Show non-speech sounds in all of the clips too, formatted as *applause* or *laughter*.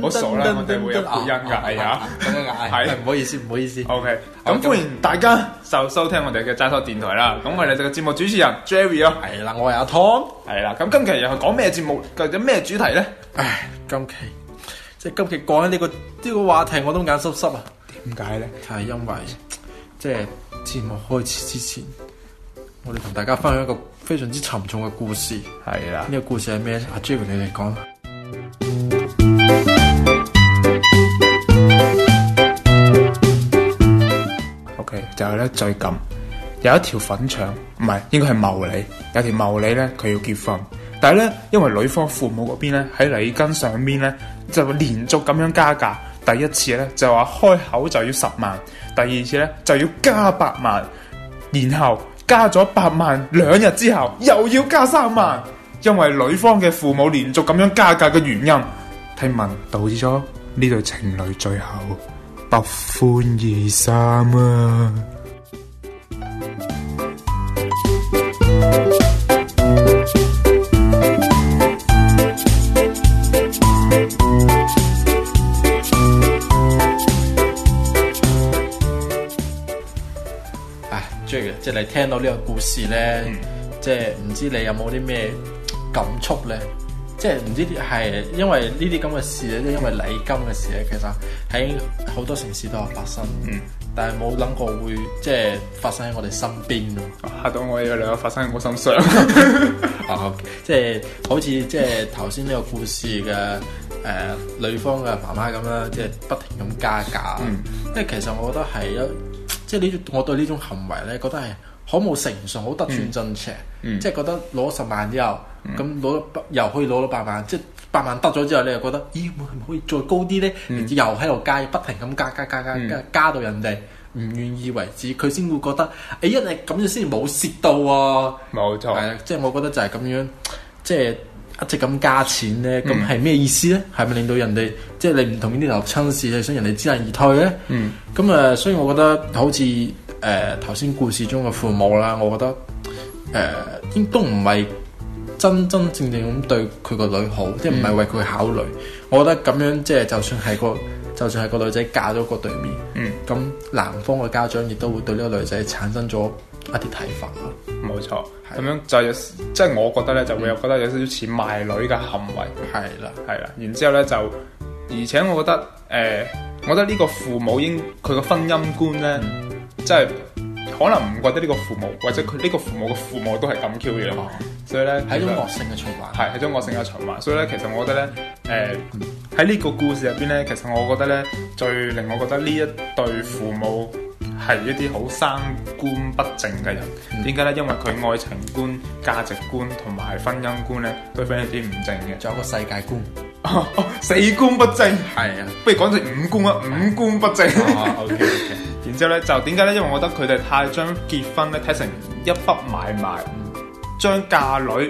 好傻啦，我哋會配音噶係啊，係唔好意思，唔好意思。O K，咁歡迎大家就收聽我哋嘅渣收電台啦。咁我哋嘅節目主持人 Jerry 啊，係啦，我係阿 Tom，係啦。咁今期又係講咩節目，究竟咩主題咧？唉，今期即係今期講緊呢個呢個話題，我都眼濕濕啊。點解咧？就係因為即係節目開始之前，我哋同大家分享一個非常之沉重嘅故事。係啦，呢個故事係咩？阿 Jerry 你嚟講。然後咧，最近，有一條粉腸，唔係，應該係毛利，有條毛利咧，佢要結婚，但係咧，因為女方父母嗰邊咧喺禮金上面咧，就會連續咁樣加價，第一次咧就話開口就要十萬，第二次咧就要加八萬，然後加咗八萬，兩日之後又要加三萬，因為女方嘅父母連續咁樣加價嘅原因，聽聞導致咗呢對情侶最後。不歡而散啊！啊，朱，即係你聽到呢個故事咧，即係唔知你有冇啲咩感觸咧？即係唔知係，因為呢啲咁嘅事咧，即係因為禮金嘅事咧，其實喺好多城市都有發生，嗯、但係冇諗過會即係發生喺我哋身邊咯，吓到我以為兩個發生喺我身上，即係好似即係頭先呢個故事嘅誒、呃，女方嘅媽媽咁樣，即係不停咁加價，即係、嗯、其實我覺得係一，即係呢，我對呢種行為咧，覺得係好冇誠信，好得寸進尺，嗯、即係覺得攞十萬之後。咁攞咗又可以攞到百萬，即係百萬得咗之後，你又覺得咦，可唔可以再高啲咧？嗯、又喺度加，不停咁加加加加、嗯、加，加到人哋唔願意為止，佢先會覺得誒，一嚟咁樣先冇蝕到喎、啊。冇錯錯，即係我覺得就係咁樣，即係一直咁加錢咧，咁係咩意思咧？係咪、嗯、令到人哋即係你唔同呢啲人親事，係想人哋知難而退咧？咁啊、嗯，所以我覺得好似誒頭先故事中嘅父母啦，我覺得誒、呃、應該都唔係。真真正正咁對佢個女好，即係唔係為佢考慮。嗯、我覺得咁樣即係，就，是、就算係個，就算係個女仔嫁咗個對面，咁男、嗯、方嘅家長亦都會對呢個女仔產生咗一啲睇法咯。冇錯，咁是樣就有，即、就、係、是、我覺得呢，就會有覺得、嗯、有少少似賣女嘅行為。係啦的，係啦。然之後呢，就而且我覺得，誒、呃，我覺得呢個父母應佢個婚姻觀呢，即係、嗯。可能唔覺得呢個父母，或者佢呢個父母嘅父母都係咁 Q 嘅，所以咧喺種惡性嘅循環，係喺種惡性嘅循環。所以咧，其實我覺得咧，誒喺呢個故事入邊咧，其實我覺得咧，最令我覺得呢一對父母係一啲好三觀不正嘅人。點解咧？因為佢愛情觀、價值觀同埋婚姻觀咧，都非常之唔正嘅。仲有一個世界觀，四觀不正，係啊，不如講成五觀啊，五觀不正。之後咧就點解咧？因為我覺得佢哋太將結婚咧睇成一筆買賣，將嫁女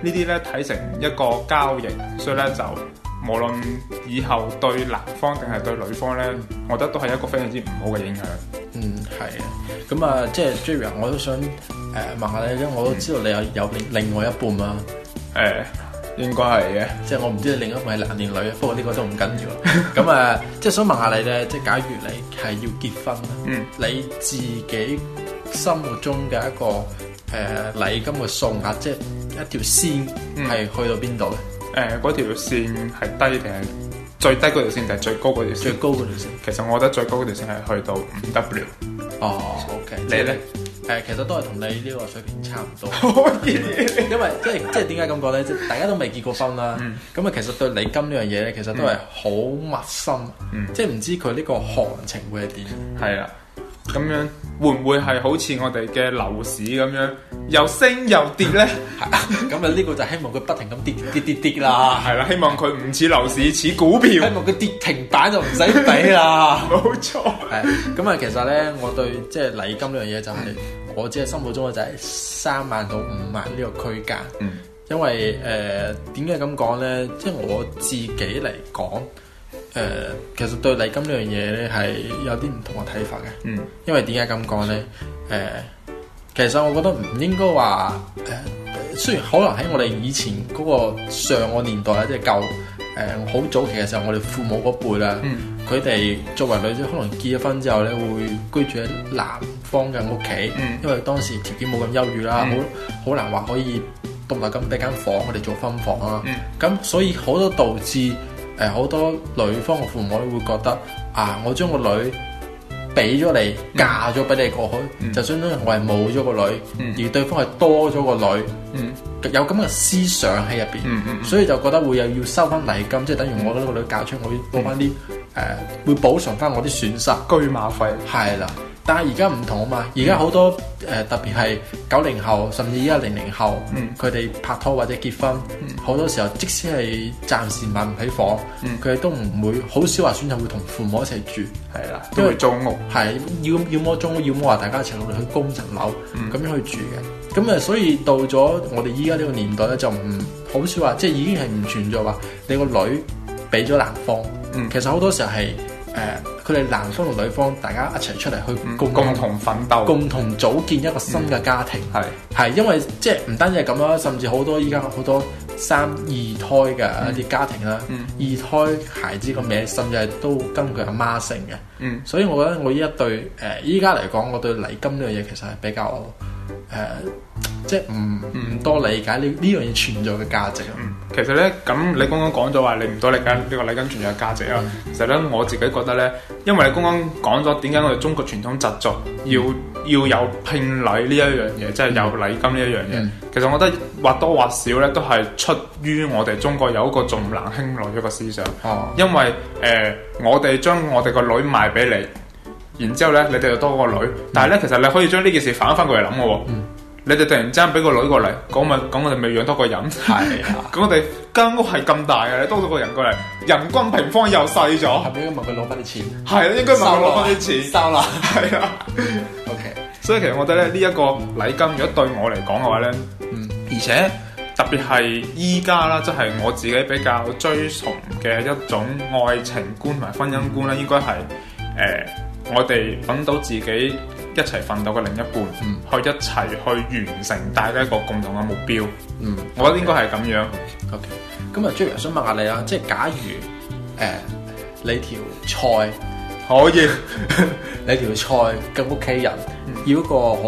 呢啲咧睇成一個交易，所以咧就無論以後對男方定係對女方咧，我覺得都係一個非常之唔好嘅影響。嗯，係啊，咁啊，即係 Jerry 我都想誒、呃、問下你，因為我都知道你有、嗯、有另外一半啦、啊。誒、嗯。應該係嘅，即係、 *noise* 就是，我唔知另一半係男定女，不過呢個都唔緊要。咁啊， *laughs* 即、呃、係想問下你咧，即係假如你係要結婚，嗯，你自己心目中嘅一個誒禮、呃、金嘅數額，即、就、係、是、一條線係去到邊度咧？誒、嗯，嗰、呃、條線係低定係最低嗰條線定係最高嗰條線？最高嗰條線。其實我覺得最高嗰條線係去到五 W。哦，OK，你咧？誒，其實都係同你呢個水平差唔多，因為即係即係點解咁講咧？即係大家都未結過婚啦，咁啊其實對禮金呢樣嘢咧，其實都係好陌生，即係唔知佢呢個行情會係點？係啦，咁樣會唔會係好似我哋嘅樓市咁樣又升又跌咧？咁啊呢個就希望佢不停咁跌跌跌跌啦，係啦，希望佢唔似樓市似股票，希望佢跌停板就唔使俾啦，冇錯。係咁啊，其實咧，我對即係禮金呢樣嘢就係。我只係心目中嘅就係三萬到五萬呢個區間，嗯、因為誒點解咁講呢？即係我自己嚟講，誒、呃、其實對禮金呢樣嘢咧係有啲唔同嘅睇法嘅。嗯、因為點解咁講呢？誒、呃、其實我覺得唔應該話誒、呃，雖然可能喺我哋以前嗰個上個年代，即係舊誒好早期嘅時候，我哋父母嗰輩啦，佢哋、嗯、作為女仔，可能結咗婚之後呢，會居住喺男。方嘅屋企，因為當時條件冇咁優裕啦，好好難話可以獨立咁俾間房我哋做分房啦，咁所以好多導致誒好多女方嘅父母都會覺得啊，我將個女俾咗你，嫁咗俾你過去，就相當於我係冇咗個女，而對方係多咗個女，有咁嘅思想喺入邊，所以就覺得會有要收翻禮金，即係等於我得個女嫁出，我要攞翻啲誒會補償翻我啲損失居馬費，係啦。但係而家唔同啊嘛，而家好多誒、嗯呃、特別係九零後，甚至依家零零後，佢哋、嗯、拍拖或者結婚，好、嗯、多時候即使係暫時買唔起房，佢哋、嗯、都唔會好少話選擇會同父母一齊住，係啦，為都係租屋，係要要麼租屋，要麼話大家一齊努力去供層樓，咁、嗯、樣去住嘅。咁啊，所以到咗我哋依家呢個年代咧，就唔好少話，即係已經係唔存在話你個女俾咗男方。其實好多時候係誒。呃呃佢哋男方同女方大家一齊出嚟去共、嗯、共同奮鬥，共同組建一個新嘅家庭。係係、嗯，因為即係唔單止係咁啦，甚至好多依家好多三二胎嘅一啲家庭啦，二胎孩子嘅名甚至係都跟佢阿媽姓嘅。嗯，所以我覺得我依家對誒依家嚟講，我對禮金呢樣嘢其實係比較誒。呃即係唔唔多理解呢呢樣嘢存在嘅價值啊！嗯，其實呢，咁你剛剛講咗話你唔多理解呢個禮金存在嘅價值啊！其實呢，我自己覺得呢，因為你剛剛講咗點解我哋中國傳統習俗要要有聘禮呢一樣嘢，即係有禮金呢一樣嘢。其實我覺得或多或少呢，都係出於我哋中國有一個重男輕女一個思想。哦，因為誒我哋將我哋個女賣俾你，然之後呢你哋又多個女，但係呢，其實你可以將呢件事反翻過嚟諗嘅。嗯。你哋突然之間俾個女過嚟，咁咪咁我哋咪養多個人，係啊， *laughs* 咁我哋間屋係咁大嘅，你多咗個人過嚟，人均平方又細咗，係咪 *laughs* 應該問佢攞翻啲錢，係啊，應該問佢攞翻啲錢，收啦，啊，係啊，OK，所以其實我覺得咧，呢、這、一個禮金如果對我嚟講嘅話咧，嗯，而且特別係依家啦，即、就、係、是、我自己比較追崇嘅一種愛情觀同埋婚姻觀咧，應該係誒、呃，我哋揾到自己。一齊奮鬥嘅另一半，去、嗯、一齊去完成大家一個共同嘅目標。嗯，我覺得應該係咁樣。OK，咁啊，Jo，我想問下你啊，即係假如誒、呃、你條菜可以， *laughs* 你條菜嘅屋企人要一個好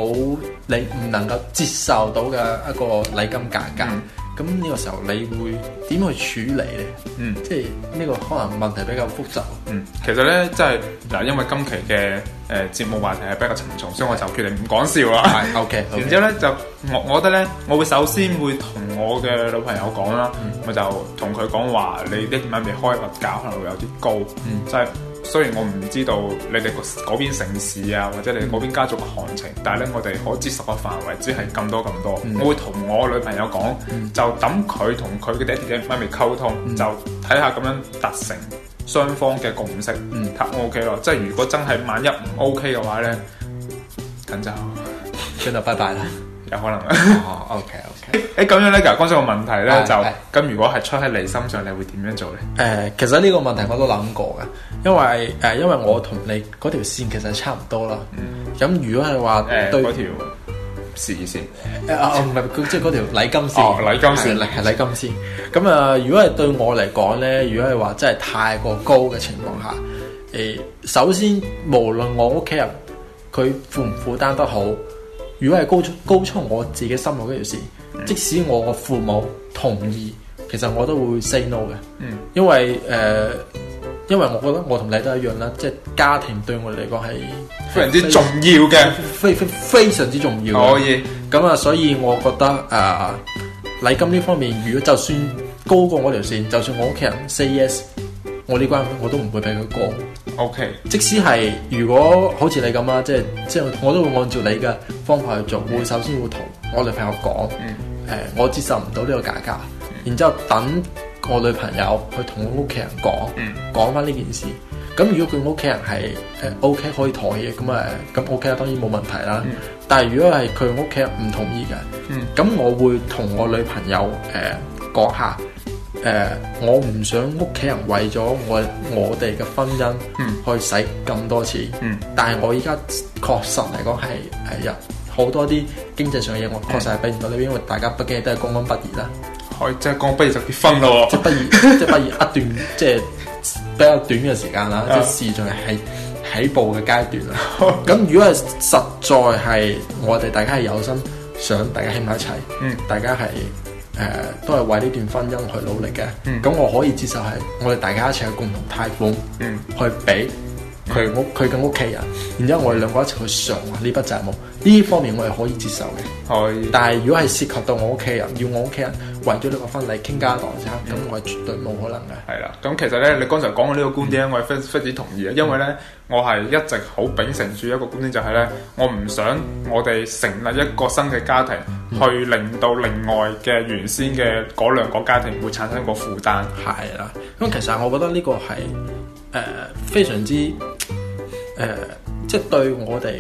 你唔能夠接受到嘅一個禮金價格。嗯咁呢個時候你會點去處理呢？嗯，即係呢個可能問題比較複雜。嗯，其實呢，即係嗱，因為今期嘅誒、呃、節目話題係比較沉重，所以我就決定唔講笑啦。係，OK。然之後呢，就我我覺得呢，我會首先會同我嘅女朋友講啦，嗯、我就同佢講話，你呢啲咁未開物價可能會有啲高，即係、嗯。嗯就是雖然我唔知道你哋嗰邊城市啊，或者你哋嗰邊家族嘅行情，但係咧我哋可接受嘅範圍只係咁多咁多。嗯、我會同我女朋友講，嗯、就等佢同佢嘅爹哋、爹哋媽咪溝通，嗯、就睇下咁樣達成雙方嘅共識。我、嗯嗯、OK 咯，即係如果真係萬一唔 OK 嘅話咧，咁就跟就拜拜啦。 *laughs* *laughs* 有可能 OK。誒，咁、欸、樣咧，其實剛才個問題咧、哎、就，咁、哎、如果係出喺你心上，你會點樣做咧？誒、呃，其實呢個問題我都諗過嘅，因為誒、呃，因為我同你嗰條線其實差唔多啦。咁、嗯、如果係話誒，嗰條事業線誒，唔係，即係嗰條禮金線哦，禮、呃啊就是、金線，係禮、 *laughs* 哦、金線。咁啊是， *laughs* 如果係對我嚟講咧，如果係話真係太過高嘅情況下，誒、呃，首先無論我屋企人佢負唔負擔得好，如果係高出高出我自己心路嗰條線。即使我個父母同意，其實我都會 say no 嘅，嗯、因為誒、呃，因為我覺得我同你都一樣啦，即係家庭對我嚟講係非常之重要嘅，非非非,非常之重要。可以，咁啊，所以我覺得誒，禮金呢方面，如果就算高過我條線，就算我屋企人 say yes，我呢關我都唔會俾佢過。O Okay . K，即使係如果好似你咁啊，即係即係我都會按照你嘅方法去做，mm. 會首先會同我女朋友講，誒、mm. 呃、我接受唔到呢個價格，mm. 然之後等我女朋友去同屋企人講，講翻呢件事。咁如果佢屋企人係誒 O K 可以妥協嘅，咁誒咁 O K 啊，呃、OK, 當然冇問題啦。Mm. 但係如果係佢屋企人唔同意嘅，咁、mm. 我會同我女朋友誒講、呃、下。誒、uh，我唔想屋企人為咗我我哋嘅婚姻、嗯、去使咁多錢，嗯、但係我依家確實嚟講係係有好多啲經濟上嘅嘢，我確實係俾唔到你，因為大家畢竟都係剛畢業啦。可以、嗯、即係剛畢業就結婚咯。即係畢業即係畢業一段即係、就是、比較短嘅時間啦，即係、嗯、事仲係起步嘅階段啦。咁、嗯、 *laughs* 如果係實在係我哋大家係有心想大家喺埋一齊、嗯，大家係。誒、呃、都係為呢段婚姻去努力嘅，咁、嗯、我可以接受係我哋大家一齊去共同貸款，去俾。佢屋佢嘅屋企人，然之後我哋兩個一齊去償呢筆債務，呢方面我係可以接受嘅。可以，但係如果係涉及到我屋企人，要我屋企人為咗呢個婚禮傾家蕩產，咁、嗯、我係絕對冇可能嘅。係啦，咁其實咧，你剛才講嘅呢個觀點，嗯、我係非常之同意嘅，因為咧，我係一直好秉承住一個觀點，就係咧，我唔想我哋成立一個新嘅家庭，去令到另外嘅原先嘅嗰兩個家庭會產生個負擔。係啦，咁其實我覺得呢個係。誒、呃，非常之誒、呃，即係對我哋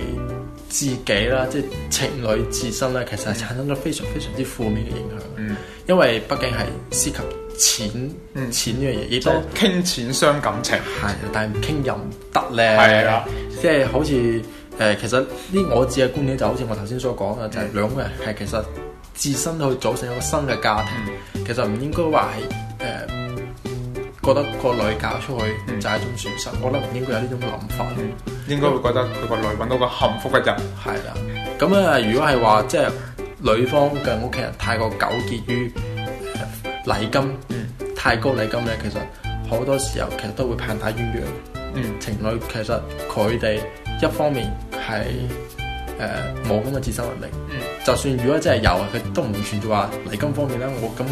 自己啦，即係情侶自身咧，其實係產生咗非常非常之負面嘅影響。嗯，因為畢竟係涉及錢，錢呢樣嘢，亦都傾錢傷感情。係，但係唔傾又唔得咧。係啊的，即係好似誒、呃，其實呢，我自己嘅觀點就好似我頭先所講嘅，嗯、就係兩個人係其實自身去組成一個新嘅家庭，嗯、其實唔應該話係誒。呃覺得個女嫁出去就係一種損失，嗯、我覺得應該有呢種諗法。嗯、應該會覺得佢個女揾到個幸福嘅人。係啦的，咁啊、嗯，如果係話即係女方嘅屋企人太過糾結於、呃、禮金，嗯，太高禮金咧，其實好多時候其實都會棒打鴛鴦。嗯，情侶其實佢哋一方面係誒冇咁嘅自身能力，嗯、就算如果真係有，佢都唔存在話禮金方面咧，我咁。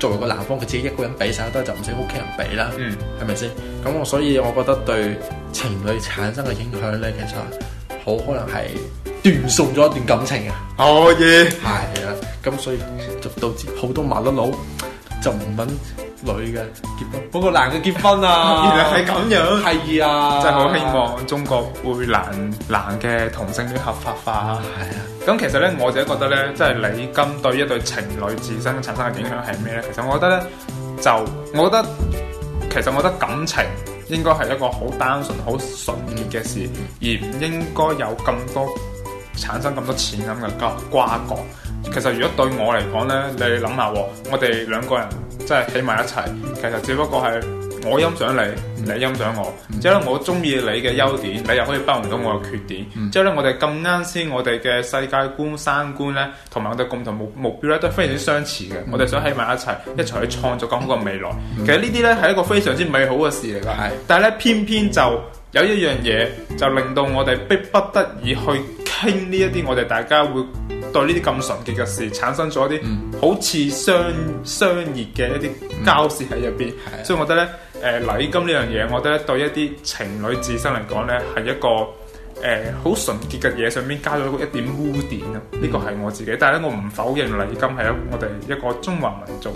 作為個男方，佢自己一個人俾晒，都係就唔使屋企人俾啦，嗯，係咪先？咁我所以我覺得對情侶產生嘅影響咧，其實好可能係斷送咗一段感情，oh, yeah. 啊！可以係啊，咁所以就導致好多麻甩佬就唔揾女嘅結婚，嗰個男嘅結婚啊！ *laughs* 原來係咁樣，係 *laughs* 啊，啊真係好希望中國會男男嘅同性戀合法化啊！啊。咁其實咧，我自己覺得咧，即係禮金對一對情侶自身產生嘅影響係咩咧？其實我覺得咧，就我覺得，其實我覺得感情應該係一個好單純、好純潔嘅事，而唔應該有咁多產生咁多錢咁嘅瓜葛。其實如果對我嚟講咧，你諗下，哦，我哋兩個人即係起埋一齊，其實只不過係。我欣賞你，你欣賞我。之後咧，我中意你嘅優點，嗯、你又可以包容到我嘅缺點。之後咧，我哋咁啱先，我哋嘅世界觀、三觀咧，同埋我哋共同目目標咧，都非常之相似嘅。嗯、我哋想喺埋一齊，一齊去創造更好嘅未來。嗯、其實呢啲咧係一個非常之美好嘅事嚟㗎。係、嗯，但係咧，偏偏就有一樣嘢，就令到我哋逼不得已去傾呢一啲我哋大家會對呢啲咁純潔嘅事產生咗一啲好似商商業嘅一啲交涉喺入邊。嗯嗯、所以我覺得咧。誒、呃、禮金呢樣嘢，我覺得對一啲情侶自身嚟講呢係一個誒好純潔嘅嘢，呃、上面加咗一點污點啊！嗯、呢個係我自己，但係咧我唔否認禮金係我哋一個中華民族誒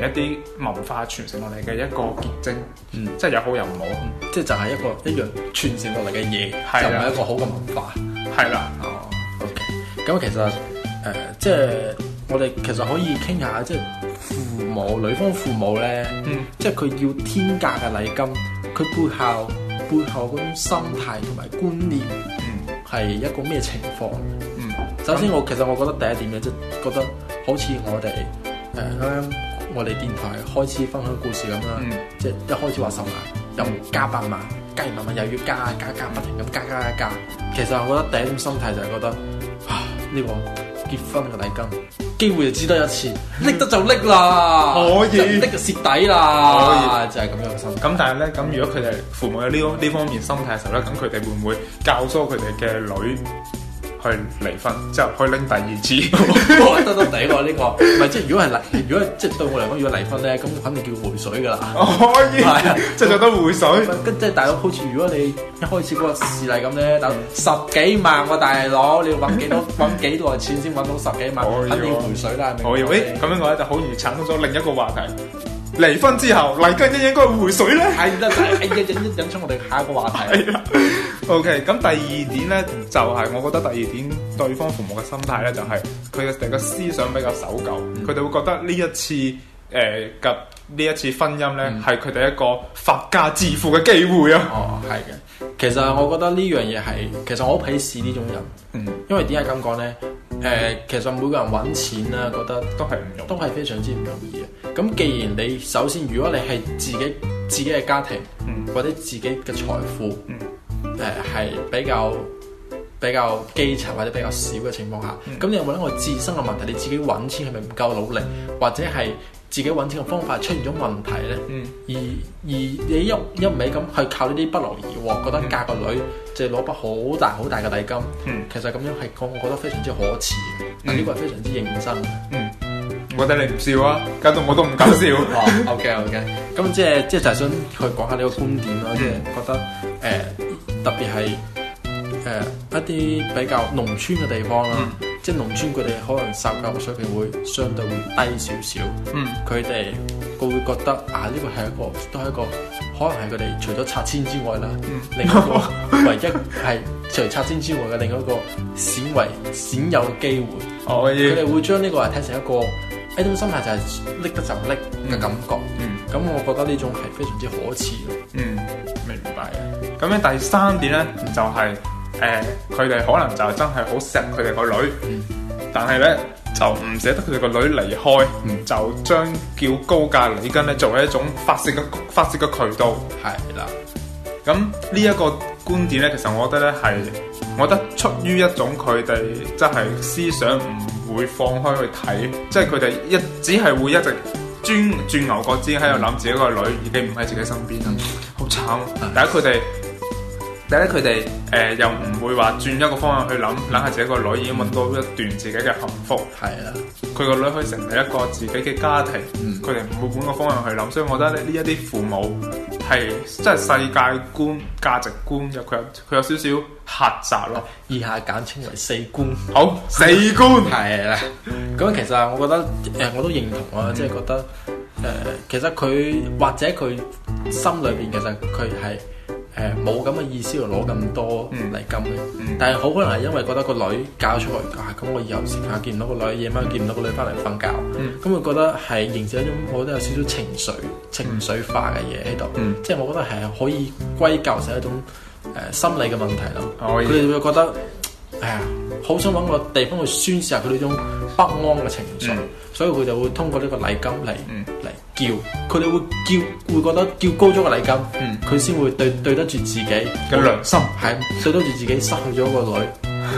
一啲文化傳承落嚟嘅一個結晶，嗯嗯、即係有好又唔好、嗯，即係就係一個一樣傳承落嚟嘅嘢，又唔係一個好嘅文化，係啦，哦，OK，咁其實誒、呃、即係我哋其實可以傾下即係。父母、女方父母咧，即係佢要天價嘅禮金，佢背後背後嗰種心態同埋觀念係一個咩情況？首先我其實我覺得第一點嘅，即係覺得好似我哋誒，我哋電台開始分享故事咁啦，即係一開始話十萬，又加八萬，加完百萬又要加加加，不停咁加加加加，其實我覺得第一種心態就係覺得啊呢個結婚嘅禮金。機會就只得一次，拎得就拎啦，可以，拎就蝕底啦，可以，就係咁樣嘅心。咁但係咧，咁如果佢哋父母有呢呢方面心態嘅時候咧，咁佢哋會唔會教唆佢哋嘅女？去離婚之後去拎第二次，我覺得都一個呢個，唔係即係如果係嚟，如果即係對我嚟講，如果離婚咧，咁肯定叫回水㗎啦。哦，係啊，即係再得回水。咁即係大佬，好似如果你一開始嗰個事例咁咧，等十幾萬個大佬，你要揾幾多揾幾多錢先揾到十幾萬，肯定回水啦，係咪？可以，誒咁樣嘅話就好容易產生咗另一個話題。離婚之後嚟緊應唔應回水咧？係真係，誒引引出我哋下一個話題。O.K. 咁第二點呢，就係、是、我覺得第二點，對方父母嘅心態呢，就係佢嘅第個思想比較守舊，佢哋、嗯、會覺得呢一次誒嘅呢一次婚姻呢，係佢哋一個發家致富嘅機會啊。哦，係嘅。其實我覺得呢樣嘢係，其實我好鄙視呢種人。嗯。因為點解咁講呢？誒、呃，其實每個人揾錢啊，覺得都係唔容，都係非常之唔容易嘅。咁既然你首先，如果你係自己自己嘅家庭，嗯、或者自己嘅財富。嗯誒，係比較比較基層或者比較少嘅情況下，咁、嗯、你有冇諗過自身嘅問題？你自己搵錢係咪唔夠努力，或者係自己搵錢嘅方法出現咗問題咧？嗯，而而你一一味咁去靠呢啲不勞而獲，覺得嫁個女就攞筆好大好大嘅禮金，嗯、其實咁樣係我我覺得非常之可恥，但呢個係非常之認真。嗯，嗯我覺得你唔笑啊，搞到我都唔敢笑。o k、哦、OK，咁、okay. 即係即係就係、想去講下呢個觀點咯，即係、嗯嗯、覺得誒。呃特別係誒、呃、一啲比較農村嘅地方啦，嗯、即係農村佢哋可能受教育水平會相對會低少少，佢哋、嗯、會覺得啊呢、呢個係一個都係一個可能係佢哋除咗拆遷之外啦，嗯、另一個唯一係除拆遷之外嘅另一個鮮為鮮有嘅機會。佢哋、哦、會將呢個係睇成一個一種、欸、心態就係拎得就拎嘅感覺。咁、嗯嗯、我覺得呢種係非常之可恥。嗯咁咧第三點咧就係、是、誒，佢、呃、哋可能就真係好錫佢哋個女，嗯、但係咧就唔捨得佢哋個女離開，嗯、就將叫高價禮金咧作為一種發泄嘅發泄嘅渠道，係啦的。咁呢一個觀點咧，其實我覺得咧係，我覺得出於一種佢哋真係思想唔會放開去睇，即係佢哋一只係會一直轉轉牛角尖喺度諗自己個女已經唔喺自己身邊啦。嗯慘！但係佢哋，但係佢哋，誒，又唔會話轉一個方向去諗，諗下自己個女，已經搵到一段自己嘅幸福。係啊，佢個女可以成立一個自己嘅家庭。佢哋唔會換個方向去諗，所以我覺得呢一啲父母係真係世界觀、價值觀，又佢有佢有少少狹窄咯。以下簡稱為四觀。好，四觀係啦。咁其實我覺得，誒，我都認同啊，即係覺得，誒，其實佢或者佢。.心裏邊其實佢係誒冇咁嘅意思要攞咁多禮金嘅，嗯嗯、但係好可能係因為覺得個女嫁出去啊，咁我以後成日見唔到個女，夜晚見唔到個女翻嚟瞓覺，咁佢，嗯嗯、覺得係形成一種，我覺得有少少情緒、嗯、情緒化嘅嘢喺度，即係、嗯、我覺得係可以歸咎成一種誒、呃、心理嘅問題咯，佢哋、oh、yeah. 會覺得。係啊，好想搵個地方去宣洩下佢呢種不安嘅情緒，嗯、所以佢就會通過呢個禮金嚟嚟、嗯、叫，佢哋會叫，會覺得叫高咗個禮金，佢先、嗯、會對對得住自己嘅良心，係對得住自己失去咗個女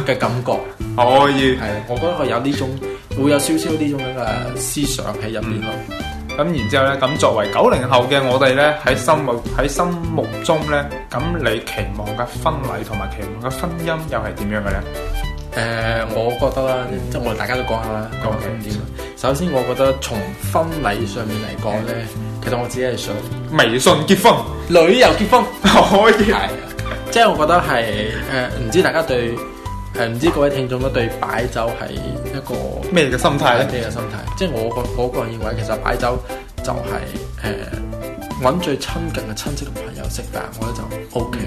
嘅感覺。可以係，我覺得佢有呢種，嗯、會有少少呢種咁嘅思想喺入邊咯。嗯嗯咁然之後咧，咁作為九零後嘅我哋咧，喺心目喺心目中咧，咁你期望嘅婚禮同埋期望嘅婚姻又係點樣嘅咧？誒，我覺得啦，即係我哋大家都講下啦，講下先。首先，我覺得從婚禮上面嚟講咧，其實我自己係想微信結婚、旅遊結婚，可以啊。即係我覺得係誒，唔知大家對。係唔知各位聽眾咧對擺酒係一個咩嘅心態咧？咩嘅心態？即係我個我個人認為，其實擺酒就係誒揾最親近嘅親戚同朋友食飯，我覺得就 OK。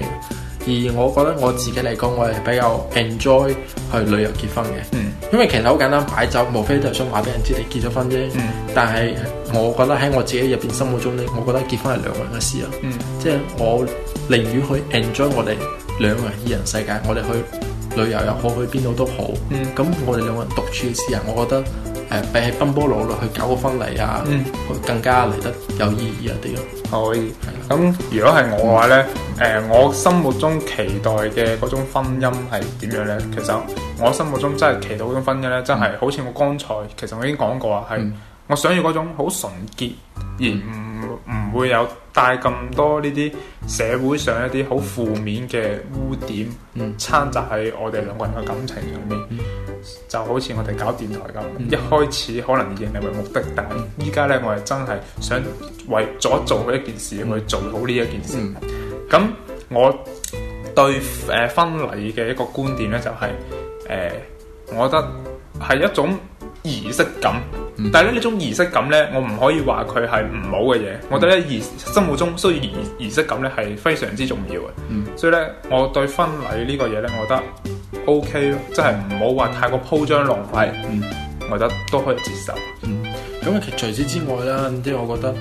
嗯，而我覺得我自己嚟講，我係比較 enjoy 去旅遊結婚嘅。嗯，因為其實好簡單，擺酒無非就係想話俾人知你結咗婚啫。嗯，但係我覺得喺我自己入邊心目中咧，我覺得結婚係兩個人嘅事啦。嗯，即係我寧願去 enjoy 我哋兩個人二人世界，我哋去。旅遊又好去邊度都好，咁、嗯、我哋兩個人獨處嘅時候，我覺得誒、呃、比起奔波路去搞個婚禮啊，嗯、更加嚟得有意義一啲咯。可以，咁的如果係我嘅話呢，誒、嗯呃、我心目中期待嘅嗰種婚姻係點樣呢？其實我心目中真係期待嗰種婚姻呢，真係好似我剛才其實我已經講過啊，係我想要嗰種好純潔而唔嗯嗯會有帶咁多呢啲社會上一啲好負面嘅污點，摻雜喺我哋兩個人嘅感情上面，嗯、就好似我哋搞電台咁，嗯、一開始可能以盈利為目的，但依家呢，我係真係想為咗做一件事去做好呢一件事。咁我對誒婚禮嘅一個觀點呢、就係，就係誒，我覺得係一種儀式感。但係咧呢種儀式感咧，我唔可以話佢係唔好嘅嘢。嗯、我覺得咧儀心目中需要儀儀式感咧係非常之重要嘅，嗯、所以咧我對婚禮個呢個嘢咧，我覺得 O K 咯，即係唔好話太過鋪張浪費，嗯、我覺得都可以接受。咁其實除此之外啦，即係我覺得誒、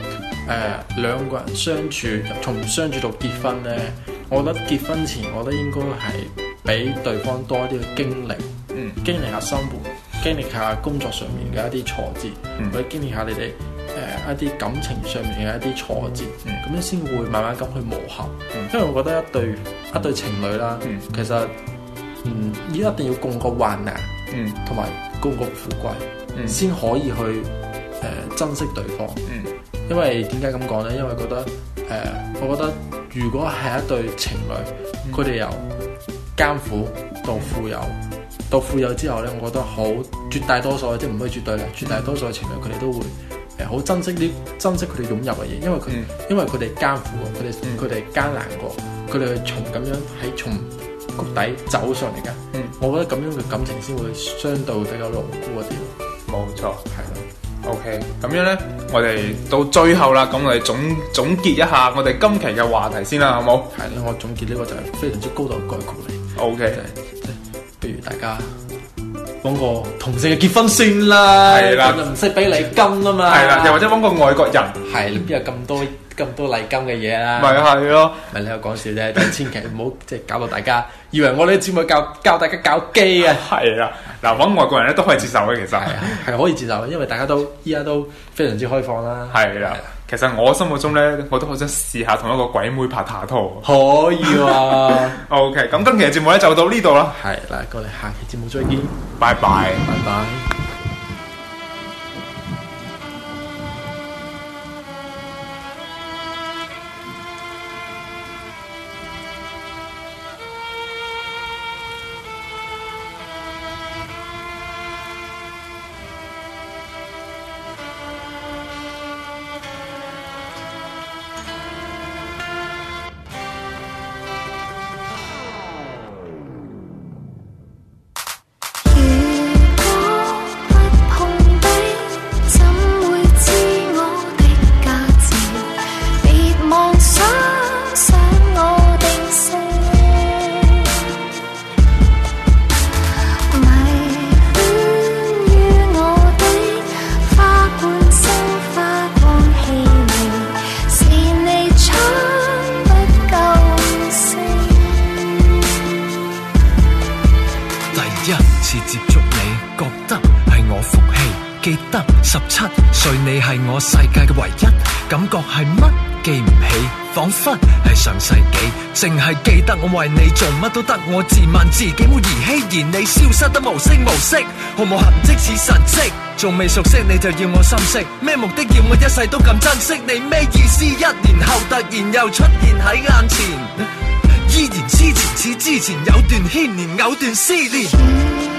呃、兩個人相處，從相處到結婚咧，我覺得結婚前我覺得應該係俾對方多啲嘅經歷，嗯、經歷下生活。經歷下工作上面嘅一啲挫折，或者經歷下你哋誒一啲感情上面嘅一啲挫折，咁樣先會慢慢咁去磨合。因為我覺得一對一對情侶啦，其實嗯依一定要共過患難，嗯，同埋共過富貴，先可以去誒珍惜對方。嗯，因為點解咁講呢？因為覺得誒，我覺得如果係一對情侶，佢哋由艱苦到富有。到富有之後咧，我覺得好絕大多數，即係唔可以絕對啦。嗯、絕大多數嘅情侶，佢哋都會誒好、呃、珍惜啲珍惜佢哋擁有嘅嘢，因為佢、嗯、因為佢哋艱苦過，佢哋佢哋艱難過，佢哋係從咁樣喺從谷底走上嚟嘅。嗯、我覺得咁樣嘅感情先會相對比較牢固啲咯。冇錯，係啦了。OK，咁樣咧，我哋到最後啦，咁我哋總、嗯、總結一下我哋今期嘅話題先啦，好冇？係啦，我總結呢個就係非常之高度概括嚟。OK、就是。不如大家揾個同性嘅結婚算啦，係啦，就唔使俾禮金啊嘛，係啦，又或者揾個外國人，係邊有咁多咁多禮金嘅嘢啦，咪係咯，係你又講笑啫，但千祈唔好即係搞到大家以為我呢個節目教教大家搞基啊，係啦。嗱，揾外國人咧都可以接受嘅，其實係係可以接受嘅，因為大家都依家都非常之開放啦，係啦。其實我心目中咧，我都好想試下同一個鬼妹拍下拖。可以啊！OK，咁今期嘅節目咧就到呢度啦。係，嗱，過嚟下期節目再見。拜拜！拜拜。淨係記得我為你做乜都得，我自問自己冇兒戲，而你消失得無聲無息，毫無痕跡似神蹟。仲未熟悉你就要我心息，咩目的要我一世都咁珍惜你？你咩意思？一年後突然又出現喺眼前，依然之前似之前，有段牽連，有段思念。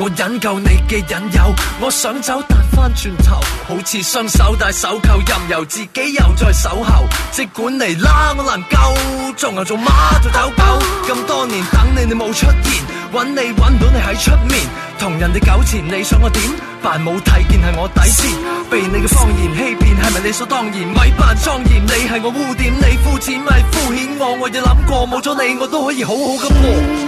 我忍夠你嘅引誘，我想走但翻轉頭，好似雙手戴手扣，任由自己又再守候。即管嚟啦，我能夠有做牛做馬做走狗。咁多年等你，你冇出現，揾你揾到你喺出面，同人哋糾纏，你想我點？但冇睇見係我底線，被你嘅謊言欺騙，係咪理所當然？咪扮莊嚴，你係我污點，你膚淺咪敷衍我。我亦諗過冇咗你，我都可以好好咁過。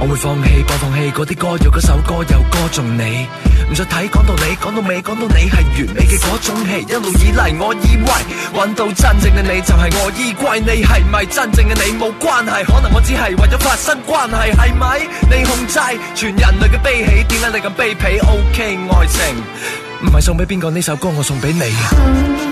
我會放棄，放棄嗰啲歌，有嗰首歌有歌中你，唔想睇講到你，講到尾，講到你係完美嘅嗰種戲。一路以嚟，我以為揾到真正嘅你就係我依歸，你係咪真正嘅你冇關係，可能我只係為咗發生關係，係咪？你控制全人類嘅悲喜，點解你咁卑鄙？OK 愛情唔係送俾邊個，呢首歌我送俾你。